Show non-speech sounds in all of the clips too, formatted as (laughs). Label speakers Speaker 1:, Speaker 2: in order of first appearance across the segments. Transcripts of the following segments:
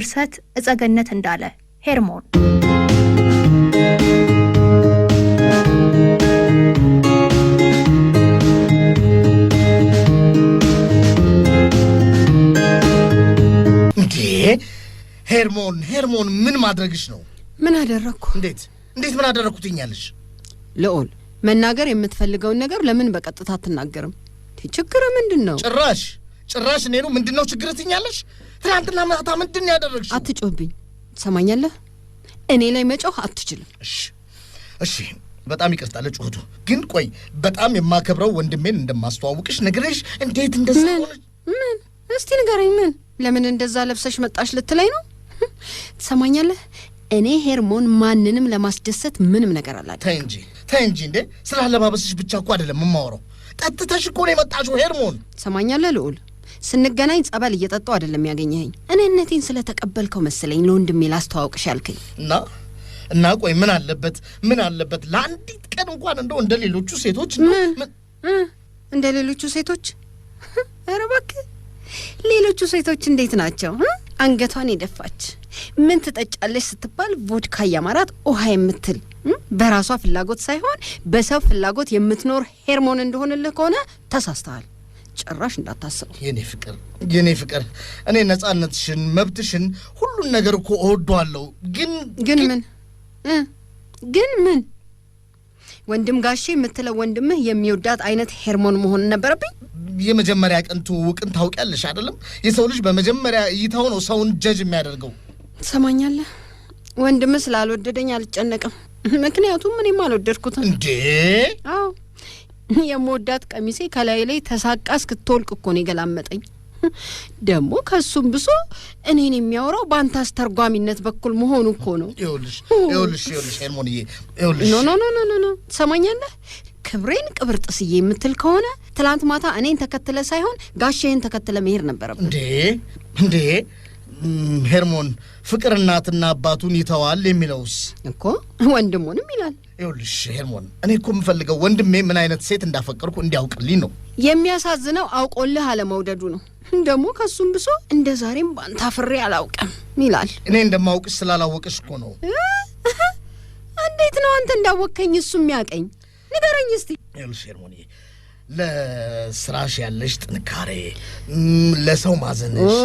Speaker 1: ድርሰት እጸገነት እንዳለ ሄርሞን እንዴ!
Speaker 2: ሄርሞን ሄርሞን፣ ምን ማድረግሽ ነው?
Speaker 1: ምን አደረግኩ?
Speaker 2: እንዴት እንዴት ምን አደረግኩ ትኛለሽ?
Speaker 1: ልዑል መናገር የምትፈልገውን ነገር ለምን በቀጥታ አትናገርም? ችግር ምንድን ነው?
Speaker 2: ጭራሽ ጭራሽ እኔ ነው ምንድን ነው ችግር ትኛለሽ? ትናንትና ማታ ምንድን ነው ያደረግሽ?
Speaker 1: አትጮህብኝ፣ ትሰማኛለህ? እኔ ላይ መጮህ አትችልም።
Speaker 2: እሺ፣ እሺ፣ በጣም ይቅርታ ለጩኸቱ። ግን ቆይ በጣም የማከብረው ወንድሜን እንደማስተዋውቅሽ ነግረሽ እንዴት እንደዛ
Speaker 1: ምን? እስቲ ንገረኝ፣ ምን ለምን እንደዛ ለብሰሽ መጣሽ ልትለኝ ነው? ትሰማኛለህ? እኔ ሄርሞን ማንንም ለማስደሰት ምንም ነገር አላደርግም።
Speaker 2: ተይ እንጂ ተይ እንጂ እንዴ! ስለ አለባበስሽ ብቻ እኮ አይደለም የማወራው። ጠጥተሽ እኮ ነው የመጣሽው ሄርሞን።
Speaker 1: ትሰማኛለህ ልዑል ስንገናኝ ጸበል እየጠጣው አይደለም ያገኘኸኝ። እኔነቴን ስለተቀበልከው መሰለኝ ለወንድሜ ላስተዋውቅሽ አልከኝ
Speaker 2: እና እና ቆይ ምን አለበት ምን አለበት ለአንዲት ቀን እንኳን እንደው እንደ ሌሎቹ ሴቶች
Speaker 1: እንደ ሌሎቹ ሴቶች (laughs) ኧረ እባክህ ሌሎቹ ሴቶች እንዴት ናቸው? አንገቷን የደፋች ምን ትጠጫለች ስትባል ቮድካ እያማራት ውሃ የምትል በራሷ ፍላጎት ሳይሆን በሰው ፍላጎት የምትኖር ሄርሞን እንደሆንልህ ከሆነ ተሳስተሃል። ጭራሽ እንዳታስበው።
Speaker 2: የኔ ፍቅር የኔ ፍቅር፣ እኔ ነጻነትሽን፣ መብትሽን፣ ሁሉን ነገር እኮ እወደዋለሁ። ግን
Speaker 1: ግን ምን ግን ምን ወንድም ጋሼ የምትለው ወንድምህ የሚወዳት አይነት ሄርሞን መሆን ነበረብኝ?
Speaker 2: የመጀመሪያ ቀን ትውውቅን ታውቂያለሽ አይደለም? የሰው ልጅ በመጀመሪያ እይታው ነው ሰውን ጀጅ የሚያደርገው።
Speaker 1: ትሰማኛለህ? ወንድምህ ስላልወደደኝ አልጨነቅም፣ ምክንያቱም እኔም አልወደድኩትም። እንዴ? አዎ (laughs) የምወዳት ቀሚሴ ከላይ ላይ ተሳቃ እስክትወልቅ እኮ ነው የገላመጠኝ። (laughs) ደግሞ ከሱም ብሶ እኔን የሚያወራው በአንተ አስተርጓሚነት በኩል መሆኑ እኮ ነው። ይኸውልሽ ትሰማኛለህ? ክብሬን ቅብር ጥስዬ የምትል ከሆነ ትላንት ማታ እኔን ተከትለ ሳይሆን ጋሼህን ተከትለ መሄድ ነበረብን።
Speaker 2: እንዴ እንዴ ሄርሞን ፍቅር እናትና አባቱን ይተዋል የሚለውስ
Speaker 1: እኮ ወንድሙንም ይላል።
Speaker 2: ይኸውልሽ ሄርሞን፣ እኔ እኮ የምፈልገው ወንድሜ ምን አይነት ሴት እንዳፈቀርኩ እንዲያውቅልኝ ነው።
Speaker 1: የሚያሳዝነው አውቆልህ አለመውደዱ ነው። ደግሞ ከሱም ብሶ እንደ ዛሬም ባንታ ፍሬ አላውቅም ይላል።
Speaker 2: እኔ እንደማውቅሽ ስላላወቅሽ እኮ ነው።
Speaker 1: እንዴት ነው አንተ እንዳወቅከኝ እሱ የሚያቀኝ? ንገረኝ እስቲ።
Speaker 2: ይኸውልሽ ሄርሞንዬ ለስራሽ ያለሽ ጥንካሬ፣ ለሰው ማዘንሽ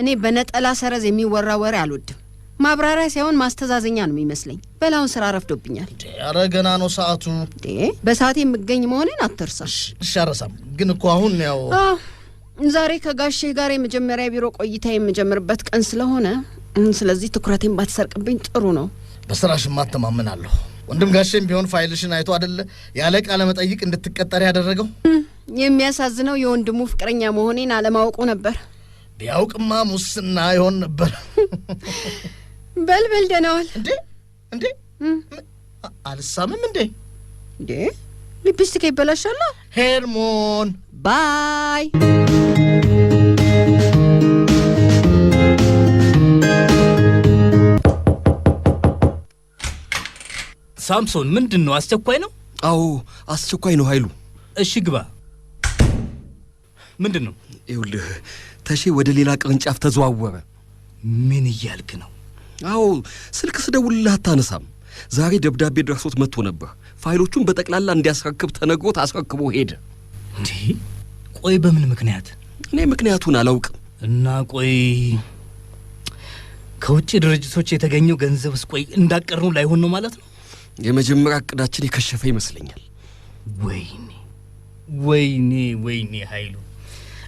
Speaker 1: እኔ በነጠላ ሰረዝ የሚወራ ወሬ አልወድም። ማብራሪያ ሳይሆን ማስተዛዘኛ ነው የሚመስለኝ። በላውን ስራ ረፍዶብኛል።
Speaker 2: ኧረ ገና ነው ሰዓቱ።
Speaker 1: በሰዓት የምገኝ መሆኔን አትርሳሽ።
Speaker 2: ሻረሳም ግን እኮ አሁን ያው
Speaker 1: ዛሬ ከጋሼ ጋር የመጀመሪያ ቢሮ ቆይታ የምጀምርበት ቀን ስለሆነ ስለዚህ ትኩረቴን ባትሰርቅብኝ ጥሩ ነው።
Speaker 2: በስራሽ ማተማመናለሁ። ወንድም ጋሼም ቢሆን ፋይልሽን አይቶ አደለ ያለ ቃለ መጠይቅ እንድትቀጠር ያደረገው።
Speaker 1: የሚያሳዝነው የወንድሙ ፍቅረኛ መሆኔን አለማወቁ ነበር።
Speaker 2: ቢያውቅማ ሙስና ይሆን ነበር።
Speaker 1: በል በል ደናዋል።
Speaker 2: እንዴ እንዴ አልሳምም እንዴ
Speaker 1: እንዴ ሊፕስቲክ ይበላሻላ።
Speaker 2: ሄርሞን
Speaker 1: ባይ
Speaker 2: ሳምሶን ምንድን ነው? አስቸኳይ ነው?
Speaker 3: አዎ አስቸኳይ ነው ኃይሉ።
Speaker 2: እሺ ግባ። ምንድን ነው?
Speaker 3: ይኸውልህ ተሼ ወደ ሌላ ቅርንጫፍ ተዘዋወረ።
Speaker 2: ምን እያልክ ነው?
Speaker 3: አዎ ስልክ ስደውልልህ አታነሳም። ዛሬ ደብዳቤ ደርሶት መጥቶ ነበር። ፋይሎቹን በጠቅላላ እንዲያስረክብ ተነግሮት አስረክቦ ሄደ።
Speaker 2: እንዴ ቆይ፣ በምን ምክንያት?
Speaker 3: እኔ ምክንያቱን አላውቅም።
Speaker 2: እና ቆይ ከውጭ ድርጅቶች የተገኘው ገንዘብ ቆይ እንዳቀርኑ ላይሆን ነው ማለት ነው?
Speaker 3: የመጀመሪያ እቅዳችን የከሸፈ ይመስለኛል።
Speaker 2: ወይኔ ወይኔ ወይኔ ኃይሉ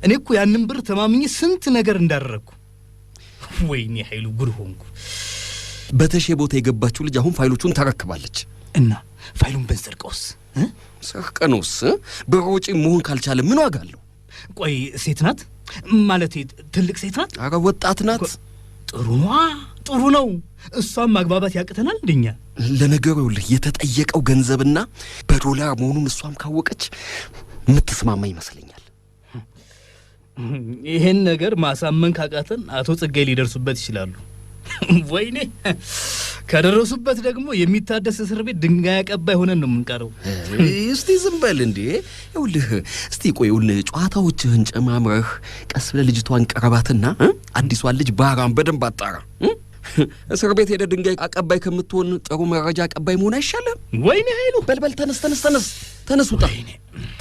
Speaker 2: እኔ እኮ ያንን ብር ተማምኝ ስንት ነገር እንዳደረግኩ። ወይኔ ኃይሉ ጉድ ሆንኩ።
Speaker 3: በተሼ ቦታ የገባችው ልጅ አሁን ፋይሎቹን ታረክባለች
Speaker 2: እና ፋይሉን ብንሰርቀውስ?
Speaker 3: ሰርቀነውስ በሮጪ መሆን ካልቻለ ምን ዋጋ አለው?
Speaker 2: ቆይ ሴት ናት ማለት ትልቅ ሴት ናት?
Speaker 3: አረ ወጣት ናት።
Speaker 2: ጥሩ ነዋ፣ ጥሩ ነው። እሷም ማግባባት ያቅተናል እንደኛ።
Speaker 3: ለነገሩ ይኸውልህ የተጠየቀው ገንዘብና በዶላር መሆኑን እሷም ካወቀች የምትስማማ ይመስለኛል።
Speaker 2: ይሄን ነገር ማሳመን ካቃተን አቶ ጸጋይ ሊደርሱበት ይችላሉ። (laughs) ወይኔ ከደረሱበት ደግሞ የሚታደስ እስር ቤት ድንጋይ አቀባይ ሆነን ነው የምንቀረው።
Speaker 3: እስቲ ዝም በል እንዴ! ይኸውልህ እስቲ ቆይ ይኸውልህ ጨዋታዎችህን ጨማምረህ ቀስ ብለህ ልጅቷን ቀረባትና አዲሷን ልጅ ባህራን በደንብ አጣራ። እስር ቤት ሄደ ድንጋይ አቀባይ ከምትሆን ጥሩ መረጃ አቀባይ መሆን አይሻልም? ወይኔ ኃይሉ በልበል፣ ተነስ ተነስ ተነስ ተነስ፣ ውጣ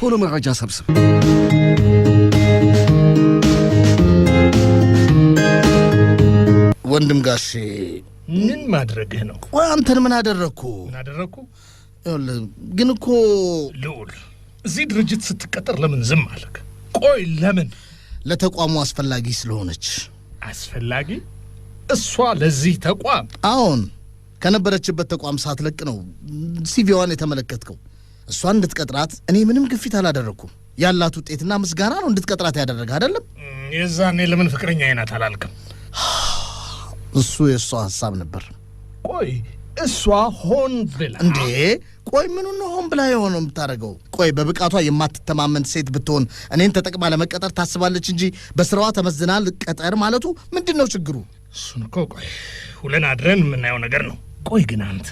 Speaker 3: ቶሎ መረጃ ሰብስብ።
Speaker 2: ወንድም ጋሼ ምን ማድረግህ ነው? ቆይ አንተን ምን አደረግኩ? ምን አደረግኩ? ግን እኮ ልዑል፣ እዚህ ድርጅት ስትቀጠር ለምን ዝም አልክ? ቆይ ለምን? ለተቋሙ አስፈላጊ ስለሆነች። አስፈላጊ? እሷ ለዚህ ተቋም? አዎን፣ ከነበረችበት ተቋም ሳትለቅ ነው ሲቪዋን የተመለከትከው። እሷ እንድትቀጥራት እኔ ምንም ግፊት አላደረግኩም። ያላት ውጤትና ምስጋና ነው እንድትቀጥራት ያደረገ አይደለም? የዛኔ ለምን ፍቅረኛ አይናት አላልክም? (sighs) እሱ የእሷ ሀሳብ ነበር። ቆይ እሷ ሆን ብላ እንዴ? ቆይ ምኑ ነው ሆን ብላ የሆነ የምታደርገው? ቆይ በብቃቷ የማትተማመን ሴት ብትሆን እኔን ተጠቅማ ለመቀጠር ታስባለች እንጂ በስራዋ ተመዝና ልቀጠር ማለቱ ምንድን ነው ችግሩ? እሱን እኮ ቆይ ውለን አድረን የምናየው ነገር ነው። ቆይ ግን አንተ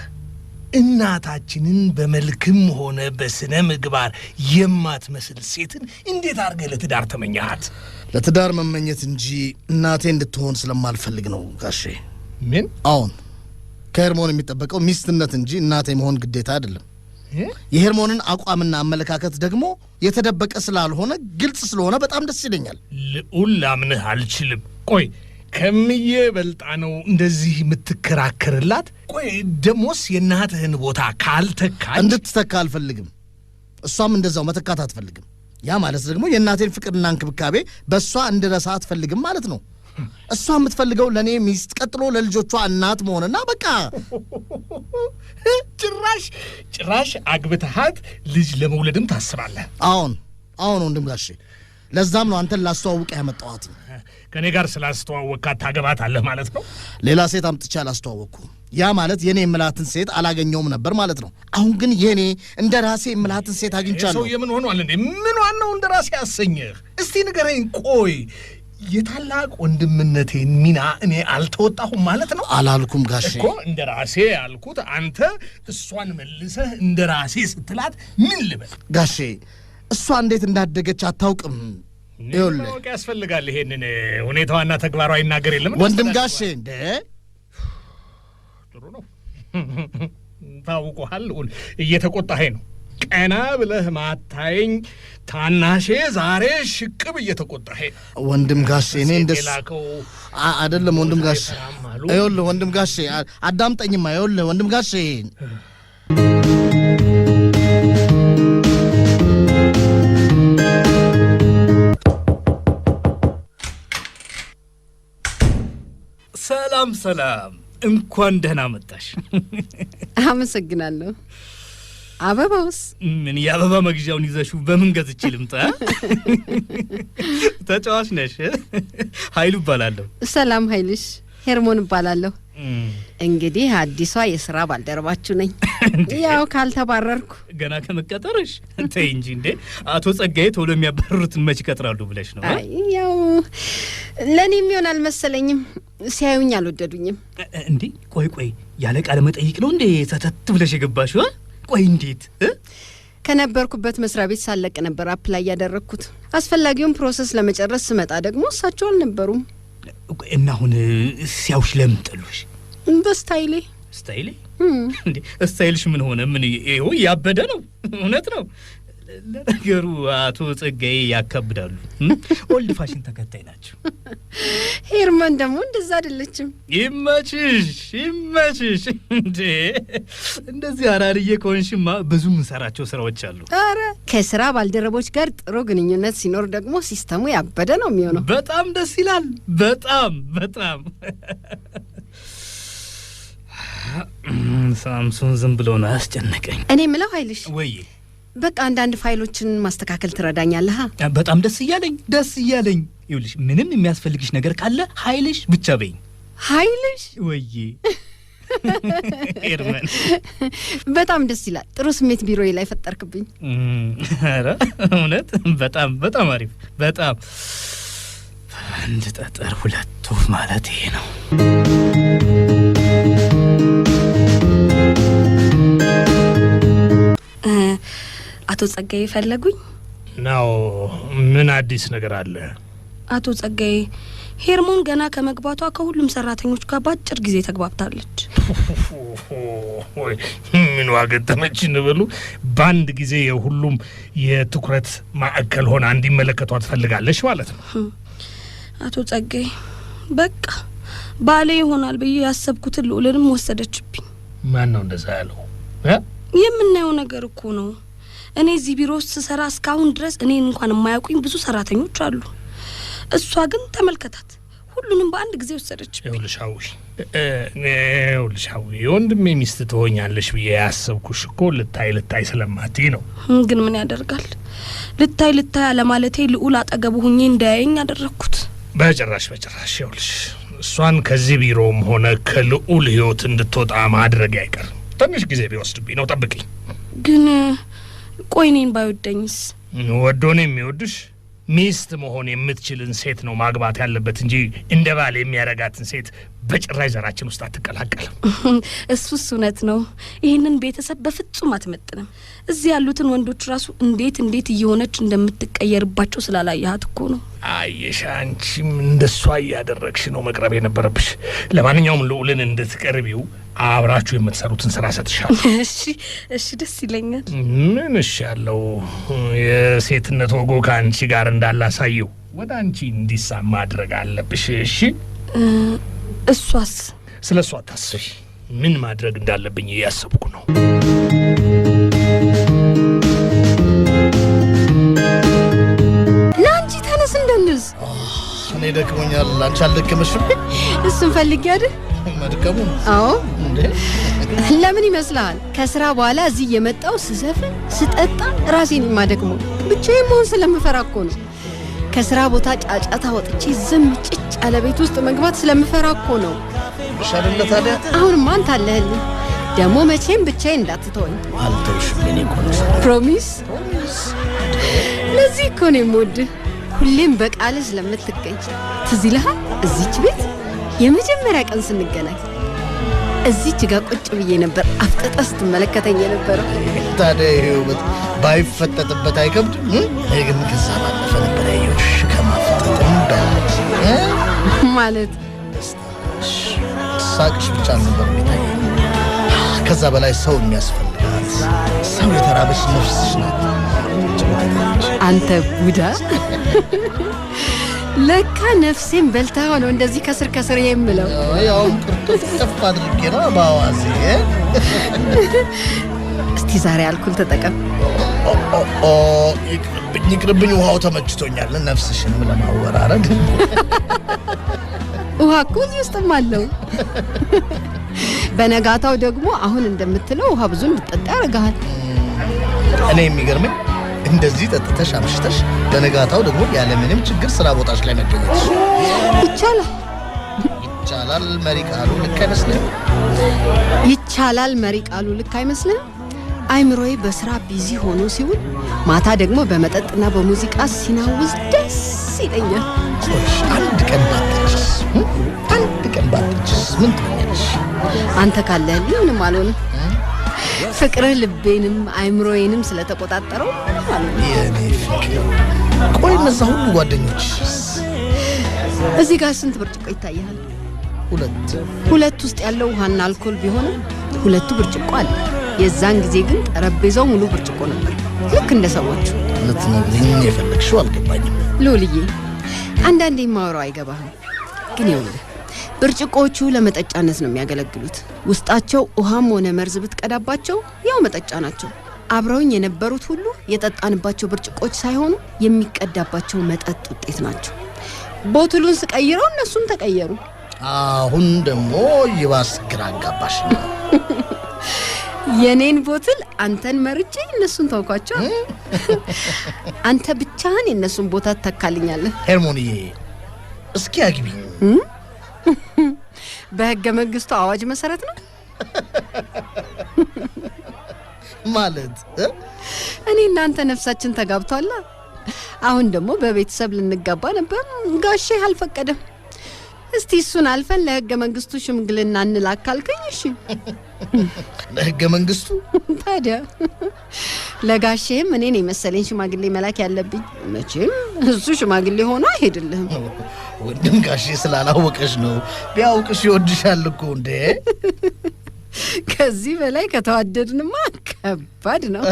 Speaker 2: እናታችንን በመልክም ሆነ በስነ ምግባር የማትመስል ሴትን እንዴት አድርገህ ለትዳር ተመኘሃት? ለትዳር መመኘት እንጂ እናቴ እንድትሆን ስለማልፈልግ ነው ጋሼ። ምን? አሁን ከሄርሞን የሚጠበቀው ሚስትነት እንጂ እናቴ መሆን ግዴታ አይደለም። የሄርሞንን አቋምና አመለካከት ደግሞ የተደበቀ ስላልሆነ ግልጽ ስለሆነ በጣም ደስ ይለኛል። ልዑል ላምንህ አልችልም። ቆይ ከምዬ በልጣ ነው እንደዚህ የምትከራከርላት። ቆይ ደሞስ የእናትህን ቦታ ካልተካ እንድትተካ አልፈልግም። እሷም እንደዛው መተካት አትፈልግም። ያ ማለት ደግሞ የእናቴን ፍቅርና እንክብካቤ በእሷ እንድረሳ አትፈልግም ማለት ነው። እሷ የምትፈልገው ለእኔ ሚስት፣ ቀጥሎ ለልጆቿ እናት መሆንና በቃ (laughs) ጭራሽ ጭራሽ አግብተሃት ልጅ ለመውለድም ታስባለህ? አሁን አሁን ወንድም ጋሼ ለዛም ነው አንተን ላስተዋውቅ ያመጣዋት። ከእኔ ጋር ስላስተዋወቅካት ታገባት አለህ ማለት ነው? ሌላ ሴት አምጥቼ አላስተዋወቅኩም። ያ ማለት የኔ የምላትን ሴት አላገኘውም ነበር ማለት ነው። አሁን ግን የኔ እንደ ራሴ የምላትን ሴት አግኝቻለሁ። ሰውዬ ምን ሆኗል እንዴ? ምን ነው እንደ ራሴ አሰኘህ? እስቲ ንገረኝ። ቆይ የታላቅ ወንድምነቴን ሚና እኔ አልተወጣሁም ማለት ነው? አላልኩም ጋሼ እኮ እንደ ራሴ ያልኩት አንተ እሷን መልሰህ እንደ ራሴ ስትላት ምን ልበል ጋሼ እሷ እንዴት እንዳደገች አታውቅም። ይኸውልህ ያስፈልጋል ይሄንን ሁኔታዋና ተግባሯ ይናገር የለም ወንድም ጋሼ። እንደ ጥሩ ነው (laughs) ታውቁሃል። እየተቆጣኸኝ ነው። ቀና ብለህ ማታየኝ ታናሼ፣ ዛሬ ሽቅብ እየተቆጣኸኝ ነው። ወንድም ጋሼ እኔ እንደ አይደለም ወንድም ጋሼ። ይኸውልህ ወንድም ጋሼ አዳምጠኝማ። ይኸውልህ ወንድም ጋሼ ሰላም፣ እንኳን ደህና መጣሽ።
Speaker 1: አመሰግናለሁ። አበባውስ
Speaker 2: ምን? የአበባ መግዣውን ይዘሹ በምን ገዝቼ ልምጣ? ተጫዋች ነሽ? ኃይሉ እባላለሁ።
Speaker 1: ሰላም ኃይልሽ። ሄርሞን እባላለሁ። እንግዲህ አዲሷ የስራ ባልደረባችሁ ነኝ። ያው ካልተባረርኩ
Speaker 2: ገና ከመቀጠርሽ እንተይ እንጂ እንዴ! አቶ ጸጋዬ ቶሎ የሚያባረሩትን መች ይቀጥራሉ ብለሽ ነው?
Speaker 1: ያው ለእኔ የሚሆን አልመሰለኝም። ሲያዩኝ አልወደዱኝም።
Speaker 2: እንዴ ቆይ ቆይ፣ ያለ ቃለ መጠይቅ ነው እንዴ ሰተት ብለሽ የገባሽ? ቆይ እንዴት
Speaker 1: ከነበርኩበት መስሪያ ቤት ሳለቅ ነበር አፕላይ ያደረግኩት። አስፈላጊውን ፕሮሰስ ለመጨረስ ስመጣ ደግሞ እሳቸው አልነበሩም።
Speaker 2: እና አሁን ሲያውሽ ለምን ጠሉሽ? በስታይሌ ስታይሌ እንዴ ስታይልሽ ምን ሆነ? ምን ይሄው ያበደ ነው። እውነት ነው ለነገሩ አቶ ጸጋዬ ያከብዳሉ። ኦልድ ፋሽን ተከታይ ናቸው።
Speaker 1: ሄርማን ደግሞ እንደዛ አይደለችም።
Speaker 2: ይመችሽ ይመችሽ። እንዴ እንደዚህ አራርዬ ከሆንሽማ ብዙ ምንሰራቸው ስራዎች አሉ።
Speaker 1: አረ ከስራ ባልደረቦች ጋር ጥሩ ግንኙነት ሲኖር ደግሞ ሲስተሙ ያበደ ነው የሚሆነው።
Speaker 2: በጣም ደስ ይላል። በጣም በጣም ሳምሶን ዝም ብሎ ነው አስጨነቀኝ።
Speaker 1: እኔ ምለው ኃይልሽ ወይ በቃ አንዳንድ ፋይሎችን ማስተካከል ትረዳኛለህ?
Speaker 2: በጣም ደስ እያለኝ ደስ እያለኝ። ይኸውልሽ ምንም የሚያስፈልግሽ ነገር ካለ ኃይልሽ ብቻ በይኝ። ኃይልሽ ወዬ
Speaker 1: ኤርመን በጣም ደስ ይላል። ጥሩ ስሜት ቢሮ ላይ ፈጠርክብኝ።
Speaker 2: ኧረ እውነት በጣም በጣም አሪፍ። በጣም አንድ ጠጠር ሁለት ወፍ ማለት ይሄ ነው።
Speaker 1: አቶ ጸጋዬ ፈለጉኝ
Speaker 2: ናው? ምን አዲስ ነገር አለ?
Speaker 1: አቶ ጸጋዬ ሄርሞን ገና ከመግባቷ ከሁሉም ሰራተኞች ጋር በአጭር ጊዜ ተግባብታለች።
Speaker 2: ምን ዋገጠመች እንበሉ። በአንድ ጊዜ የሁሉም የትኩረት ማዕከል ሆና እንዲመለከቷ ትፈልጋለች ማለት ነው።
Speaker 1: አቶ ጸጋዬ በቃ ባሌ ይሆናል ብዬ ያሰብኩትን ልዑልንም ወሰደችብኝ።
Speaker 2: ማን ነው እንደዛ ያለው?
Speaker 1: የምናየው ነገር እኮ ነው። እኔ እዚህ ቢሮ ውስጥ ስሰራ እስካሁን ድረስ እኔን እንኳን የማያውቁኝ ብዙ ሰራተኞች አሉ። እሷ ግን ተመልከታት፣ ሁሉንም በአንድ ጊዜ ወሰደች።
Speaker 2: ውልሻዊ የወንድሜ ሚስት ትሆኛለሽ ብዬ ያሰብኩሽ እኮ ልታይ ልታይ ስለማትይ ነው።
Speaker 1: ግን ምን ያደርጋል ልታይ ልታይ አለማለቴ ልዑል አጠገቡ ሁኜ እንዳያየኝ ያደረግኩት።
Speaker 2: በጭራሽ በጭራሽ። ይኸውልሽ እሷን ከዚህ ቢሮም ሆነ ከልዑል ህይወት እንድትወጣ ማድረግ አይቀርም። ትንሽ ጊዜ ቢወስድብኝ ነው። ጠብቅኝ
Speaker 1: ግን ቆይ እኔን ባይወደኝስ?
Speaker 2: ወዶ ነው የሚወድሽ። ሚስት መሆን የምትችልን ሴት ነው ማግባት ያለበት እንጂ እንደ ባል የሚያረጋትን ሴት በጭራሽ ዘራችን ውስጥ አትቀላቀልም። (laughs)
Speaker 1: እሱስ እውነት ነው። ይህንን ቤተሰብ በፍጹም አትመጥንም። እዚህ ያሉትን ወንዶች ራሱ እንዴት እንዴት እየሆነች እንደምትቀየርባቸው ስላላየሃት እኮ ነው።
Speaker 2: አየሽ፣ አንቺም እንደሷ እያደረግሽ ነው መቅረብ የነበረብሽ። ለማንኛውም ልዑልን እንድትቀርቢው አብራችሁ የምትሰሩትን ስራ ሰጥሻለሁ።
Speaker 1: (laughs) እሺ፣ እሺ፣ ደስ ይለኛል።
Speaker 2: ምን እሺ ያለው የሴትነት ወጎ ከአንቺ ጋር እንዳላሳየው ወደ አንቺ እንዲሳብ ማድረግ አለብሽ። እሺ እሷስ? ስለ እሷ አታስቢ። ምን ማድረግ እንዳለብኝ እያሰብኩ ነው።
Speaker 1: ለአንቺ ተነስ እንደንዝ።
Speaker 2: እኔ ደክሞኛል፣ አንቺ አልደከመሽም?
Speaker 1: እሱን ፈልጌ አይደል መድከሙ? አዎ። ለምን ይመስልሃል? ከስራ በኋላ እዚህ የመጣው ስዘፍን ስጠጣ ራሴን የማደክመው ብቻዬን መሆን ስለምፈራ እኮ ነው። ከስራ ቦታ ጫጫታ ወጥቼ ዝም ጭጭ ያለ ቤት ውስጥ መግባት ስለምፈራ እኮ ነው።
Speaker 2: ሻለለ ታዲያ
Speaker 1: አሁን ማን ታለህልኝ ደግሞ መቼም ብቻዬን እንዳትተወኝ።
Speaker 2: አልተውሽ ምን
Speaker 1: ፕሮሚስ። ለዚህ እኮ ነው የምወድህ፣ ሁሌም በቃልህ ስለምትገኝ። ትዝ ይልሃል እዚች ቤት የመጀመሪያ ቀን ስንገናኝ እዚች ጋር ቁጭ ብዬ ነበር አፍጠጠ ስትመለከተኝ የነበረው።
Speaker 2: ታዲያ ይህ ውበት ባይፈጠጥበት አይከብድም። ግን ከዛ ባለፈ ነበር ማለት ሳቅሽ ብቻ ነበር የሚታይ። ከዛ በላይ ሰው የሚያስፈልጋት ሰው የተራበች ነፍስሽ ናት።
Speaker 1: አንተ ቡዳ ለካ ነፍሴን በልታ ሆነው እንደዚህ ከስር ከስር የምለው
Speaker 2: ያው ቅርቶች አድርጌ ነው በአዋዜ።
Speaker 1: እስቲ ዛሬ አልኩል ተጠቀም።
Speaker 2: ይቅርብኝ ይቅርብኝ፣ ውሃው ተመችቶኛል። ነፍስሽንም ለማወራረድ
Speaker 1: ውሃ እኮ እዚህ ውስጥም አለው። በነጋታው ደግሞ አሁን እንደምትለው ውሃ ብዙ እንድጠጣ ያደርግሃል።
Speaker 2: እኔ የሚገርመኝ እንደዚህ ጠጥተሽ አምሽተሽ በነጋታው ደግሞ ያለምንም ችግር ስራ ቦታሽ ላይ መገኘት ይቻላል። ይቻላል መሪ ቃሉ ልክ አይመስልም።
Speaker 1: ይቻላል መሪ ቃሉ ልክ አይመስልም። አይምሮዬ በስራ ቢዚ ሆኖ ሲውል፣ ማታ ደግሞ በመጠጥና በሙዚቃ ሲናውዝ ደስ ይለኛል።
Speaker 2: አንድ ቀን ባትችስ አንድ ቀን ባትችስ ምን ትሆኛለሽ?
Speaker 1: አንተ ካለህልኝ ምንም አልሆንም። ፍቅርህ ልቤንም አይምሮዬንም ስለተቆጣጠረው
Speaker 2: የኔ ፍቅር። ቆይ እነዛ ሁሉ ጓደኞች
Speaker 1: እዚህ ጋር ስንት ብርጭቆ ይታያል? ሁለት። ሁለት ውስጥ ያለው ውሃና አልኮል ቢሆንም ሁለቱ ብርጭቆ አለ። የዛን ጊዜ ግን ጠረጴዛው ሙሉ ብርጭቆ ነበር፣ ልክ እንደ ሰዎች።
Speaker 2: ልትነግሪኝ የፈለግሽው አልገባኝም።
Speaker 1: ሎልዬ፣ አንዳንዴ የማወራው አይገባህም፣ ግን ይኸውልህ ብርጭቆዎቹ ለመጠጫነት ነው የሚያገለግሉት። ውስጣቸው ውሃም ሆነ መርዝ ብትቀዳባቸው ያው መጠጫ ናቸው። አብረውኝ የነበሩት ሁሉ የጠጣንባቸው ብርጭቆች ሳይሆኑ የሚቀዳባቸው መጠጥ ውጤት ናቸው። ቦትሉን ስቀይረው እነሱም ተቀየሩ።
Speaker 2: አሁን ደግሞ ይባስ ግራ አጋባሽ ነው። (laughs)
Speaker 1: የኔን ቦትል አንተን መርጬ እነሱን ታውቋቸው። አንተ ብቻህን የእነሱን ቦታ ትተካልኛለህ።
Speaker 2: ሄርሞንዬ እስኪ አግቢ።
Speaker 1: በህገ መንግስቱ አዋጅ መሰረት ነው ማለት። እኔ እናንተ ነፍሳችን ተጋብቷላ። አሁን ደግሞ በቤተሰብ ልንጋባ ነበር፣ ጋሼ አልፈቀደም። እስቲ እሱን አልፈን ለህገ መንግስቱ ሽምግልና እንላካልከኝ። እሺ። (laughs)
Speaker 2: ለህገ መንግስቱ (laughs) ታዲያ
Speaker 1: ለጋሼም እኔን የመሰለኝ ሽማግሌ መላክ ያለብኝ። መቼም እሱ ሽማግሌ ሆኖ አይሄድልህም።
Speaker 2: (laughs) ወንድም ጋሼ ስላላወቀሽ ነው። ቢያውቅሽ ይወድሻል እኮ እንዴ።
Speaker 1: ከዚህ በላይ ከተዋደድንማ ከባድ ነው።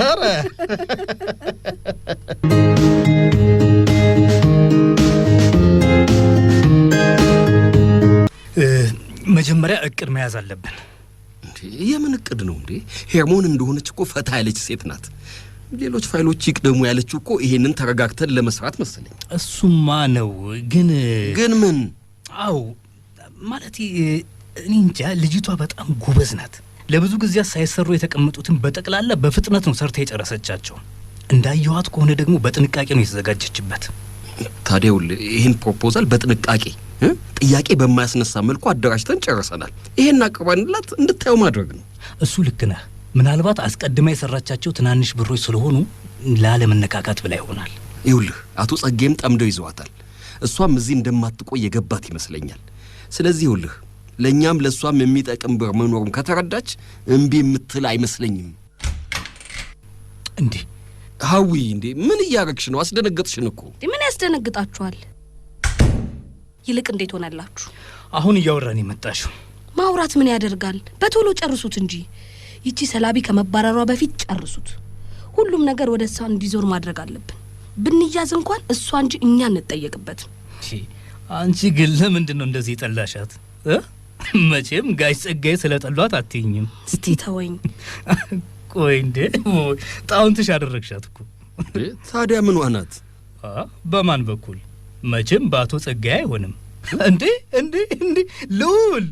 Speaker 2: መጀመሪያ እቅድ መያዝ አለብን። እንዴ የምን እቅድ ነው እንዴ? ሄርሞን እንደሆነች እኮ ፈታ ያለች ሴት ናት። ሌሎች ፋይሎች ይቅደሙ ያለችው እኮ ይሄንን ተረጋግተን ለመስራት መሰለኝ። እሱማ ነው። ግን ግን ምን? አዎ ማለት እኔ እንጃ። ልጅቷ በጣም ጎበዝ ናት። ለብዙ ጊዜያት ሳይሰሩ የተቀመጡትን በጠቅላላ በፍጥነት ነው ሰርታ የጨረሰቻቸው። እንዳየኋት ከሆነ ደግሞ በጥንቃቄ ነው የተዘጋጀችበት። ታዲያ ይህን ፕሮፖዛል በጥንቃቄ ጥያቄ በማያስነሳ መልኩ አደራጅተን ጨርሰናል። ይሄን አቅርባንላት እንድታየው ማድረግ ነው። እሱ ልክ ነህ። ምናልባት አስቀድማ የሰራቻቸው ትናንሽ ብሮች ስለሆኑ ላለመነካካት ብላ ይሆናል። ይውልህ አቶ ጸጌም ጠምደው ይዘዋታል። እሷም እዚህ እንደማትቆይ የገባት ይመስለኛል። ስለዚህ ይውልህ ለእኛም ለእሷም የሚጠቅም ብር መኖሩም ከተረዳች እምቢ የምትል አይመስለኝም። እንዴ ሀዊ፣ እንዴ ምን እያረግሽ ነው? አስደነገጥሽን እኮ።
Speaker 1: ምን ያስደነግጣችኋል? ይልቅ እንዴት ሆነላችሁ?
Speaker 2: አሁን እያወራን የመጣሽው
Speaker 1: ማውራት ምን ያደርጋል? በቶሎ ጨርሱት እንጂ ይቺ ሰላቢ ከመባረሯ በፊት ጨርሱት። ሁሉም ነገር ወደ እሷ እንዲዞር ማድረግ አለብን። ብንያዝ እንኳን እሷ እንጂ እኛ እንጠየቅበት።
Speaker 2: አንቺ ግን ለምንድን ነው እንደዚህ ጠላሻት መቼም ጋሽ ጸጋዬ ስለ ጠሏት አትይኝም።
Speaker 1: እስቲ ተወኝ።
Speaker 2: (laughs) ቆይ እንዴ ጣውንትሽ አደረግሻት እኮ። ታዲያ ምኗ ናት? በማን በኩል መቼም በአቶ ጸጋዬ አይሆንም። እንዴ እንዴ እንዴ ልውል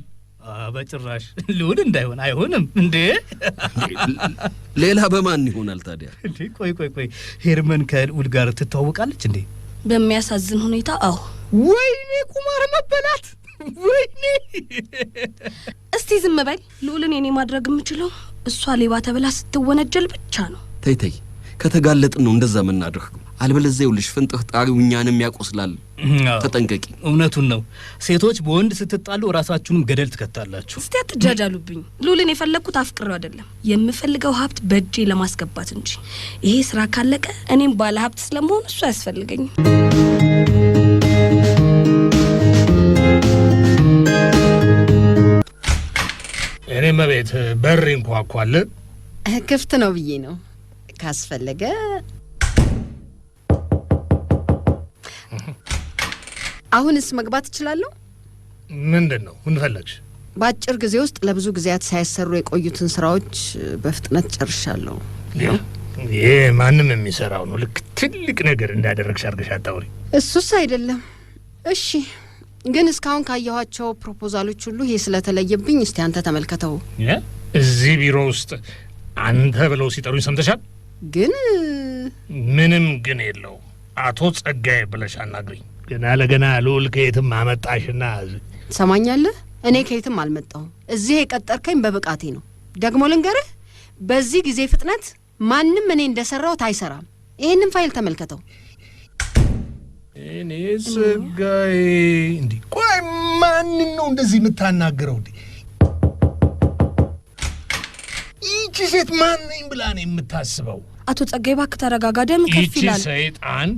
Speaker 2: በጭራሽ ልውል እንዳይሆን አይሆንም። እንዴ ሌላ በማን ይሆናል ታዲያ? እንዴ ቆይ ቆይ ቆይ ሄርመን ከልዑል ጋር ትተዋወቃለች እንዴ?
Speaker 1: በሚያሳዝን ሁኔታ አዎ።
Speaker 2: ወይኔ ቁማር መበላት ወይኔ።
Speaker 1: እስቲ ዝም በል ልዑልን የኔ ማድረግ የምችለው እሷ ሌባ ተብላ ስትወነጀል ብቻ ነው።
Speaker 2: ተይተይ ከተጋለጥን ነው እንደዛ የምናደርገው። አልበለዚያ ይኸውልሽ ፍንጥርጣሪው እኛንም ያቆስላል። ተጠንቀቂ። እውነቱን ነው። ሴቶች በወንድ ስትጣሉ ራሳችሁንም ገደል ትከታላችሁ።
Speaker 1: እስቲ አትጃጃሉብኝ። ሉልን የፈለግኩት አፍቅሬው አይደለም፣ የምፈልገው ሀብት በእጄ ለማስገባት እንጂ። ይሄ ስራ ካለቀ እኔም ባለ ሀብት ስለመሆን እሱ አያስፈልገኝም።
Speaker 2: እኔም ቤት በር ይንኳኳል።
Speaker 1: ክፍት ነው ብዬ ነው ካስፈለገ አሁንስ መግባት እችላለሁ?
Speaker 2: ምንድን ነው ምን ፈለግሽ?
Speaker 1: በአጭር ጊዜ ውስጥ ለብዙ ጊዜያት ሳይሰሩ የቆዩትን ስራዎች በፍጥነት ጨርሻለሁ።
Speaker 2: ይሄ ማንም የሚሰራው ነው። ልክ ትልቅ ነገር እንዳደረግሽ አድርገሽ አታውሪ።
Speaker 1: እሱስ አይደለም። እሺ፣ ግን እስካሁን ካየኋቸው ፕሮፖዛሎች ሁሉ ይሄ ስለተለየብኝ እስቲ አንተ ተመልከተው።
Speaker 2: እዚህ ቢሮ ውስጥ አንተ ብለው ሲጠሩኝ ሰምተሻል? ግን ምንም ግን የለው። አቶ ጸጋዬ ብለሽ አናግሪኝ። ገና ለገና ልዑል ከየትም አመጣሽና
Speaker 1: ትሰማኛለህ? እኔ ከየትም አልመጣሁም። እዚህ የቀጠርከኝ በብቃቴ ነው። ደግሞ ልንገርህ፣ በዚህ ጊዜ ፍጥነት ማንም እኔ እንደሰራሁት አይሰራም። ይህንም ፋይል ተመልከተው።
Speaker 2: እኔ ስጋዬ እንዲ ቆይ፣ ማንን ነው እንደዚህ የምታናግረው? እንዲ ይቺ ሴት ማን ነኝ ብላ ነው የምታስበው?
Speaker 1: አቶ ጸጋዬ እባክህ ተረጋጋ፣ ደም ከፍ ይላል።
Speaker 2: ይቺ ሰይጣን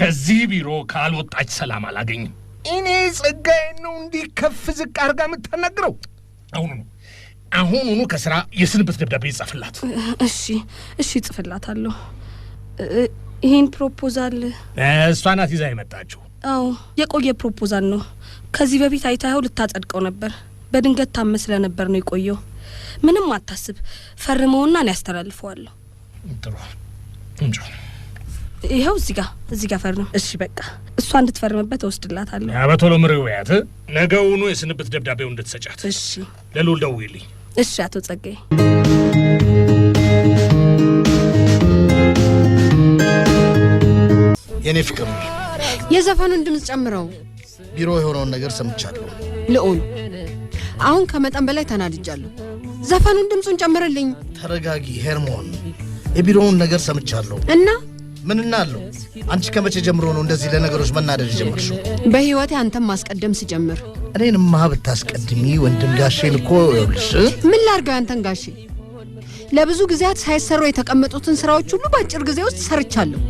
Speaker 2: ከዚህ ቢሮ ካልወጣች ሰላም አላገኝም። እኔ ጸጋዬን ነው እንዲህ ከፍ ዝቅ አድርጋ የምታናግረው? አሁኑ ነው አሁኑኑ ከስራ የስንብት ደብዳቤ ይጻፍላት።
Speaker 1: እሺ እሺ፣ ጽፍላታለሁ። ይህን ፕሮፖዛል
Speaker 2: እሷ ናት ይዛ የመጣችው።
Speaker 1: አዎ የቆየ ፕሮፖዛል ነው። ከዚህ በፊት አይታየው ልታጸድቀው ነበር። በድንገት ታመ ስለነበር ነው የቆየው። ምንም አታስብ፣ ፈርመውና እኔ ያስተላልፈዋለሁ።
Speaker 2: ጥሩ እንጃ
Speaker 1: ይኸው እዚህ ጋር እዚህ ጋር ፈር ነው። እሺ በቃ እሷ እንድትፈርምበት እወስድላታለሁ።
Speaker 2: ያ በቶሎ ምርውያት ነገውኑ የስንብት ደብዳቤው እንድትሰጫት። እሺ ለልዑል ደውዪልኝ።
Speaker 1: እሺ አቶ ጸጋዬ የኔ ፍቅር የዘፈኑን ድምፅ ጨምረው።
Speaker 2: ቢሮ የሆነውን ነገር ሰምቻለሁ።
Speaker 1: ልዑል አሁን ከመጠን በላይ ተናድጃለሁ። ዘፈኑን ድምፁን ጨምርልኝ።
Speaker 2: ተረጋጊ ሄርሞን፣ የቢሮውን ነገር ሰምቻለሁ እና ምን እናለው? አንቺ ከመቼ ጀምሮ ነው እንደዚህ ለነገሮች መናደድ የጀመርሽው?
Speaker 1: በህይወቴ አንተም ማስቀደም ስጀምር።
Speaker 2: እኔንማ ብታስቀድሚ ወንድም ጋሼ ልኮ ይኸውልሽ።
Speaker 1: ምን ላርገው ያንተን ጋሼ? ለብዙ ጊዜያት ሳይሰሩ የተቀመጡትን ስራዎች ሁሉ በአጭር ጊዜ ውስጥ ሰርቻለሁ።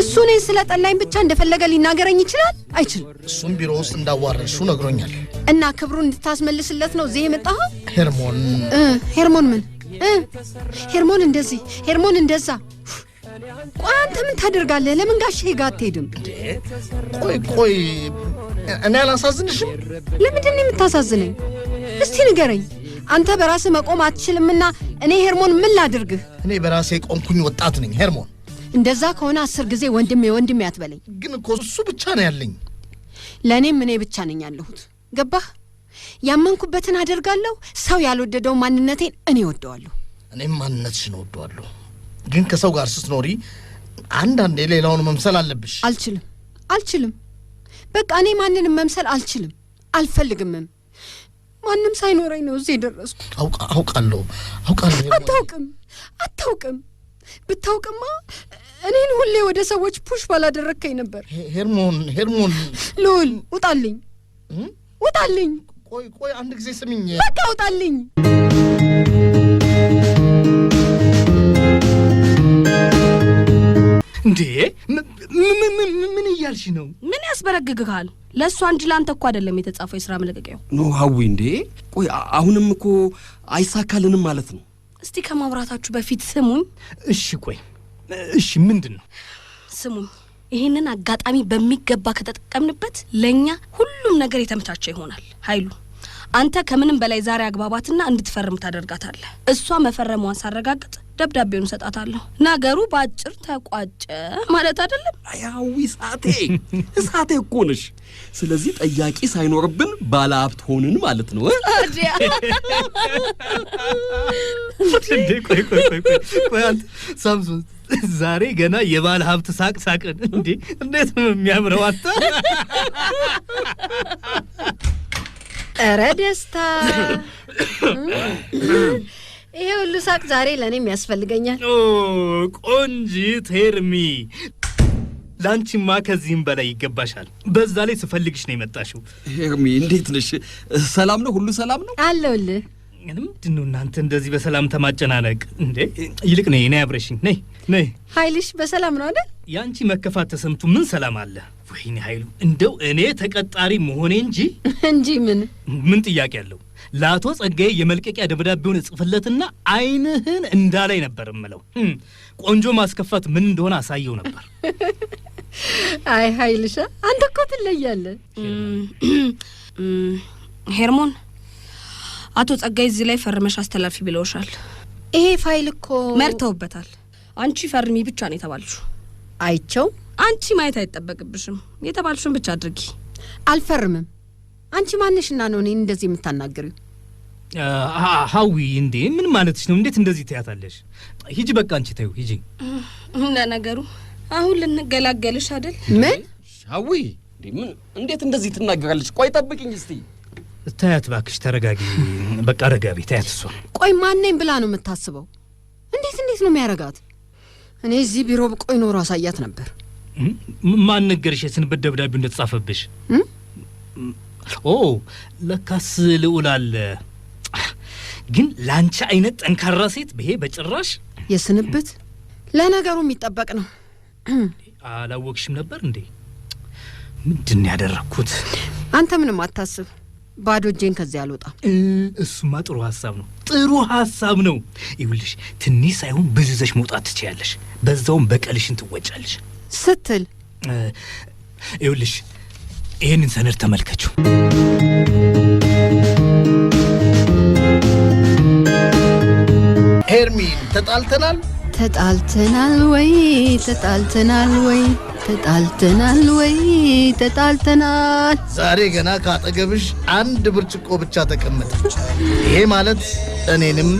Speaker 1: እሱ እኔን ስለጠላኝ ብቻ እንደፈለገ ሊናገረኝ ይችላል? አይችልም።
Speaker 2: እሱም ቢሮ ውስጥ እንዳዋረሱ ነግሮኛል።
Speaker 1: እና ክብሩን እንድታስመልስለት ነው እዚህ የመጣኸው? ሄርሞን ሄርሞን ምን ሄርሞን እንደዚህ ሄርሞን እንደዛ ቆይ አንተ ምን ታደርጋለህ? ለምን ጋሼ ጋር አትሄድም?
Speaker 2: ቆይ ቆይ እኔ አላሳዝንሽም?
Speaker 1: ለምንድን ነው የምታሳዝነኝ? እስቲ ንገረኝ። አንተ በራስህ መቆም አትችልምና እኔ ሄርሞን ምን ላድርግህ?
Speaker 2: እኔ በራሴ ቆምኩኝ፣ ወጣት ነኝ ሄርሞን።
Speaker 1: እንደዛ ከሆነ አስር ጊዜ ወንድሜ ወንድሜ አትበለኝ።
Speaker 2: ግን እኮ እሱ ብቻ ነው ያለኝ፣
Speaker 1: ለእኔም እኔ ብቻ ነኝ ያለሁት። ገባህ? ያመንኩበትን አደርጋለሁ። ሰው ያልወደደው ማንነቴን እኔ ወደዋለሁ።
Speaker 2: እኔም ማንነትሽን ወደዋለሁ። ግን ከሰው ጋር ስትኖሪ አንዳንዴ ሌላውን መምሰል አለብሽ።
Speaker 1: አልችልም አልችልም። በቃ እኔ ማንንም መምሰል አልችልም አልፈልግምም። ማንም ሳይኖረኝ ነው እዚህ የደረስኩ። አውቃለሁ አውቃለሁ። አታውቅም አታውቅም። ብታውቅማ እኔን ሁሌ ወደ ሰዎች ፑሽ ባላደረግከኝ ነበር።
Speaker 2: ሄርሞን ሄርሞን፣
Speaker 1: ልዑል ውጣልኝ፣ ውጣልኝ።
Speaker 2: ቆይ ቆይ፣ አንድ ጊዜ ስምኝ።
Speaker 1: በቃ ውጣልኝ።
Speaker 2: እንዴ ምን እያልሽ ነው?
Speaker 1: ምን ያስበረግግሃል? ለእሷ እንጂ ለአንተ እኮ አይደለም የተጻፈው የስራ መለቀቂያው።
Speaker 2: ኖ ሀዊ፣ እንዴ ቆይ፣ አሁንም እኮ አይሳካልንም ማለት ነው።
Speaker 1: እስቲ ከማብራታችሁ በፊት ስሙኝ
Speaker 2: እሺ። ቆይ እሺ፣ ምንድን ነው?
Speaker 1: ስሙኝ፣ ይህንን አጋጣሚ በሚገባ ከተጠቀምንበት ለእኛ ሁሉም ነገር የተመቻቸ ይሆናል። ኃይሉ አንተ ከምንም በላይ ዛሬ አግባባትና እንድትፈርም ታደርጋታለህ። እሷ መፈረሟን ሳረጋግጥ ደብዳቤውን እሰጣታለሁ። ነገሩ በአጭር ተቋጨ ማለት አይደለም።
Speaker 2: አያዊ እሳቴ እሳቴ እኮ ነሽ። ስለዚህ ጠያቂ ሳይኖርብን ባለ ሀብት ሆንን ማለት ነው። ሳምሶን ዛሬ ገና የባለ ሀብት ሳቅ ሳቅን። እንዴ እንዴት ነው የሚያምረው!
Speaker 1: ኧረ ደስታ! ይሄ ሁሉ ሳቅ ዛሬ ለእኔም ያስፈልገኛል።
Speaker 2: ቆንጂት ሄርሚ፣ ለአንቺማ ከዚህም በላይ ይገባሻል። በዛ ላይ ስፈልግሽ ነው የመጣሽው። ሄርሚ፣ እንዴት ነሽ? ሰላም ነው? ሁሉ ሰላም ነው? አለሁልህ። ምንድን ነው እናንተ እንደዚህ በሰላም ተማጨናነቅ እንዴ? ይልቅ ነይ ነይ፣ አብረሽኝ ነይ ነይ።
Speaker 1: ኃይልሽ በሰላም ነው አይደል?
Speaker 2: የአንቺ መከፋት ተሰምቱ ምን ሰላም አለ? ወይኔ ኃይሉ እንደው እኔ ተቀጣሪ መሆኔ እንጂ
Speaker 1: (laughs) እንጂ ምን
Speaker 2: ምን ጥያቄ አለው? ለአቶ ጸጋዬ የመልቀቂያ ደብዳቤውን እጽፍለትና አይንህን እንዳላይ ነበር እምለው። ቆንጆ ማስከፋት ምን እንደሆነ አሳየው ነበር።
Speaker 1: (laughs) አይ ኃይልሻ፣ አንተ እኮ ትለያለህ። ሄርሞን፣ አቶ ጸጋዬ እዚህ ላይ ፈርመሽ አስተላልፊ ብለውሻል። ይሄ ፋይል እኮ መርተውበታል። አንቺ ፈርሚ ብቻ ነው የተባልሽው። አይቸው አንቺ ማየት አይጠበቅብሽም። የተባልሽን ብቻ አድርጊ። አልፈርምም። አንቺ ማንሽና ነው እኔን እንደዚህ የምታናግሪው?
Speaker 2: ሀዊ እንዴ፣ ምን ማለትሽ ነው? እንዴት እንደዚህ ትያታለሽ? ሂጂ በቃ አንቺ ተዩ፣ ሂጂ።
Speaker 1: ለነገሩ አሁን ልንገላገልሽ አይደል?
Speaker 2: ምን ሀዊ፣ ምን እንዴት እንደዚህ ትናገራለሽ? ቆይ ጠብቅኝ እስቲ። ተያት ባክሽ፣ ተረጋጊ። በቃ ረጋቢ ተያት እሷ
Speaker 1: ቆይ ማነኝ ብላ ነው የምታስበው? እንዴት እንዴት ነው የሚያረጋት? እኔ እዚህ ቢሮ ቆይ ኖሮ አሳያት ነበር።
Speaker 2: ማን ነገርሽ የስንብት ደብዳቤው እንደተጻፈብሽ? ኦ ለካስ ልዑል አለ። ግን ለአንቺ አይነት ጠንካራ ሴት ይሄ በጭራሽ።
Speaker 1: የስንብት ለነገሩ የሚጠበቅ ነው።
Speaker 2: አላወቅሽም ነበር እንዴ? ምንድን ያደረግኩት?
Speaker 1: አንተ ምንም አታስብ፣ ባዶ እጄን ከዚህ አልወጣም።
Speaker 2: እሱማ ጥሩ ሀሳብ ነው፣ ጥሩ ሀሳብ ነው። ይውልሽ፣ ትንሽ ሳይሆን ብዙ ይዘሽ መውጣት ትችያለሽ። በዛውም በቀልሽን ትወጫለሽ። ስትል ይኸውልሽ ይህንን ሰነድ ተመልከችው። ሄርሚን ተጣልተናል
Speaker 1: ተጣልተናል ወይ ተጣልተናል ወይ ተጣልተናል ወይ ተጣልተናል።
Speaker 2: ዛሬ ገና ከአጠገብሽ አንድ ብርጭቆ ብቻ ተቀመጠች። ይሄ ማለት እኔንም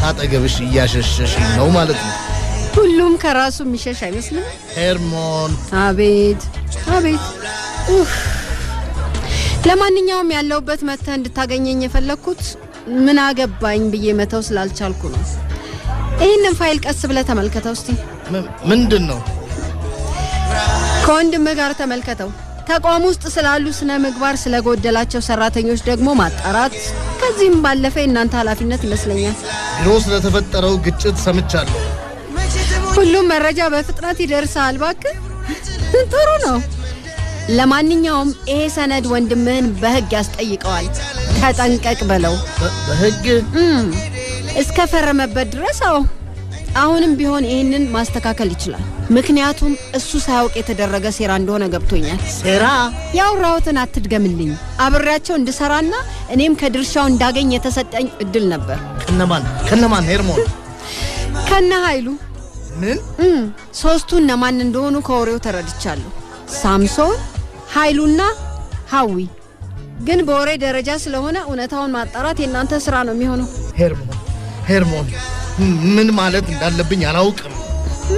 Speaker 2: ካጠገብሽ እያሸሸሽ ነው ማለት ነው።
Speaker 1: ሁሉም ከራሱ የሚሸሽ አይመስልም።
Speaker 2: ሄርሞን
Speaker 1: አቤት አቤት። ለማንኛውም ያለውበት መተህ እንድታገኘኝ የፈለግኩት ምን አገባኝ ብዬ መተው ስላልቻልኩ ነው። ይህንን ፋይል ቀስ ብለህ ተመልከተው እስቲ። ምንድን ነው? ከወንድምህ ጋር ተመልከተው። ተቋም ውስጥ ስላሉ ስነ ምግባር ስለጎደላቸው ሰራተኞች ደግሞ ማጣራት፣ ከዚህም ባለፈ የእናንተ ኃላፊነት ይመስለኛል።
Speaker 2: ቢሮ ስለተፈጠረው ግጭት ሰምቻለሁ።
Speaker 1: ሁሉም መረጃ በፍጥነት ይደርሳል። ባክ ጥሩ ነው። ለማንኛውም ይሄ ሰነድ ወንድምህን በህግ ያስጠይቀዋል። ተጠንቀቅ በለው። በህግ እስከ ፈረመበት ድረስ አዎ። አሁንም ቢሆን ይህንን ማስተካከል ይችላል። ምክንያቱም እሱ ሳያውቅ የተደረገ ሴራ እንደሆነ ገብቶኛል። ሴራ? ያወራሁትን አትድገምልኝ። አብሬያቸው እንድሰራና እኔም ከድርሻው እንዳገኝ የተሰጠኝ እድል ነበር።
Speaker 2: ከነማን ከነማን? ሄርሞን ከነ ኃይሉ ምን
Speaker 1: ሶስቱ እነማን እንደሆኑ ከወሬው ተረድቻለሁ። ሳምሶን፣ ኃይሉና ሀዊ። ግን በወሬ ደረጃ ስለሆነ እውነታውን ማጣራት የእናንተ ስራ ነው የሚሆነው።
Speaker 2: ሄርሞን ሄርሞን፣ ምን ማለት እንዳለብኝ አላውቅም።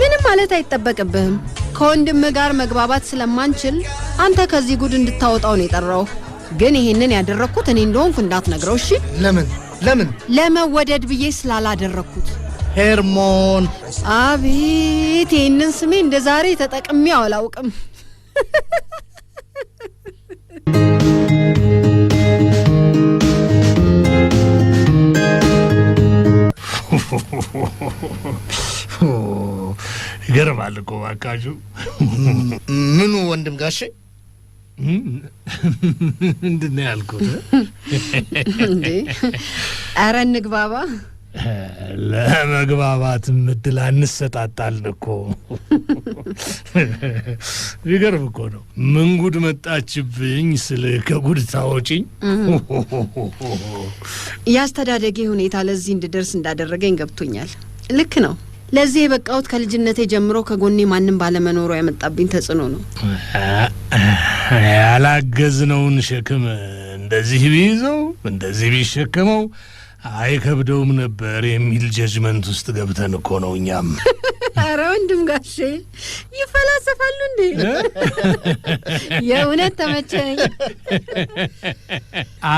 Speaker 1: ምንም ማለት አይጠበቅብህም። ከወንድም ጋር መግባባት ስለማንችል አንተ ከዚህ ጉድ እንድታወጣው ነው የጠራው። ግን ይሄንን ያደረግኩት እኔ እንደሆንኩ እንዳትነግረው እሺ?
Speaker 2: ለምን ለምን?
Speaker 1: ለመወደድ ብዬ ስላላደረግኩት
Speaker 2: ሄርሞን።
Speaker 1: አቤት ይህንን ስሜ እንደ ዛሬ ተጠቅሜው አላውቅም። (laughs)
Speaker 2: ይገርማል እኮ ባካችሁ። ምኑ ወንድም ጋሽ ምንድን ነው ያልኩት?
Speaker 1: እንዴ ኧረ እንግባባ።
Speaker 2: ለመግባባት ምድል አንሰጣጣልን እኮ። ቢገርም እኮ ነው። ምን ጉድ መጣችብኝ ስል ከጉድ ታወጪኝ።
Speaker 1: የአስተዳደጌ ሁኔታ ለዚህ እንድደርስ እንዳደረገኝ ገብቶኛል። ልክ ነው። ለዚህ የበቃሁት ከልጅነቴ ጀምሮ ከጎኔ ማንም ባለመኖሩ ያመጣብኝ ተጽዕኖ ነው።
Speaker 2: ያላገዝነውን ሸክም እንደዚህ ቢይዘው እንደዚህ ቢሸከመው አይከብደውም ነበር የሚል ጀጅመንት ውስጥ ገብተን እኮ ነው እኛም።
Speaker 1: (laughs) አረ ወንድም ጋሼ ይፈላሰፋሉ እንዴ? (laughs) የእውነት ተመቸኝ።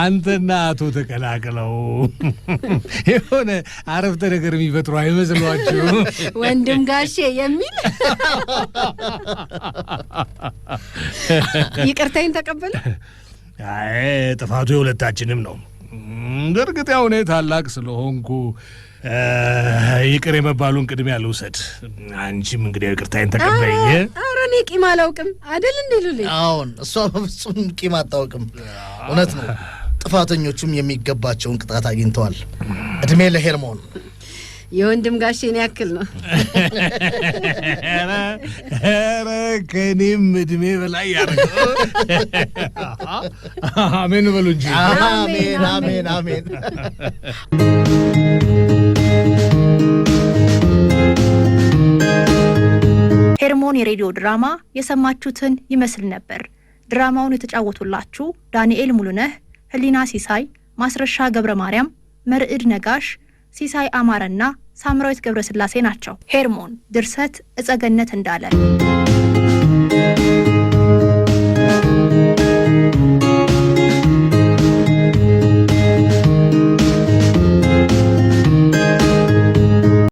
Speaker 2: አንተና አቶ ተቀላቅለው (laughs) የሆነ አረፍተ ነገር የሚፈጥሩ አይመስሏችሁ?
Speaker 1: ወንድም ጋሼ የሚል ይቅርታይን ተቀበለ።
Speaker 2: ጥፋቱ የሁለታችንም ነው። በእርግጥ ያው እኔ ታላቅ ስለሆንኩ ይቅር የመባሉን ቅድሚያ ልውሰድ። አንቺም እንግዲህ ይቅርታዬን ተቀበይኝ።
Speaker 1: ኧረ እኔ ቂም አላውቅም አደል እንዴ
Speaker 2: አሁን እሷ በፍጹም ቂም አታውቅም። እውነት ነው። ጥፋተኞቹም የሚገባቸውን ቅጣት አግኝተዋል። እድሜ ለሄርሞን
Speaker 1: የወንድም ጋሽን ያክል ነው።
Speaker 2: ኧረ ከእኔም እድሜ በላይ ያደርገው። አሜን በሉ እንጂ።
Speaker 1: አሜን አሜን አሜን። ሄርሞን የሬዲዮ ድራማ የሰማችሁትን ይመስል ነበር። ድራማውን የተጫወቱላችሁ ዳንኤል ሙሉነህ፣ ህሊና ሲሳይ፣ ማስረሻ ገብረ ማርያም፣ መርዕድ ነጋሽ ሲሳይ አማረና ሳምራዊት ገብረስላሴ ናቸው። ሄርሞን ድርሰት እጸገነት እንዳለ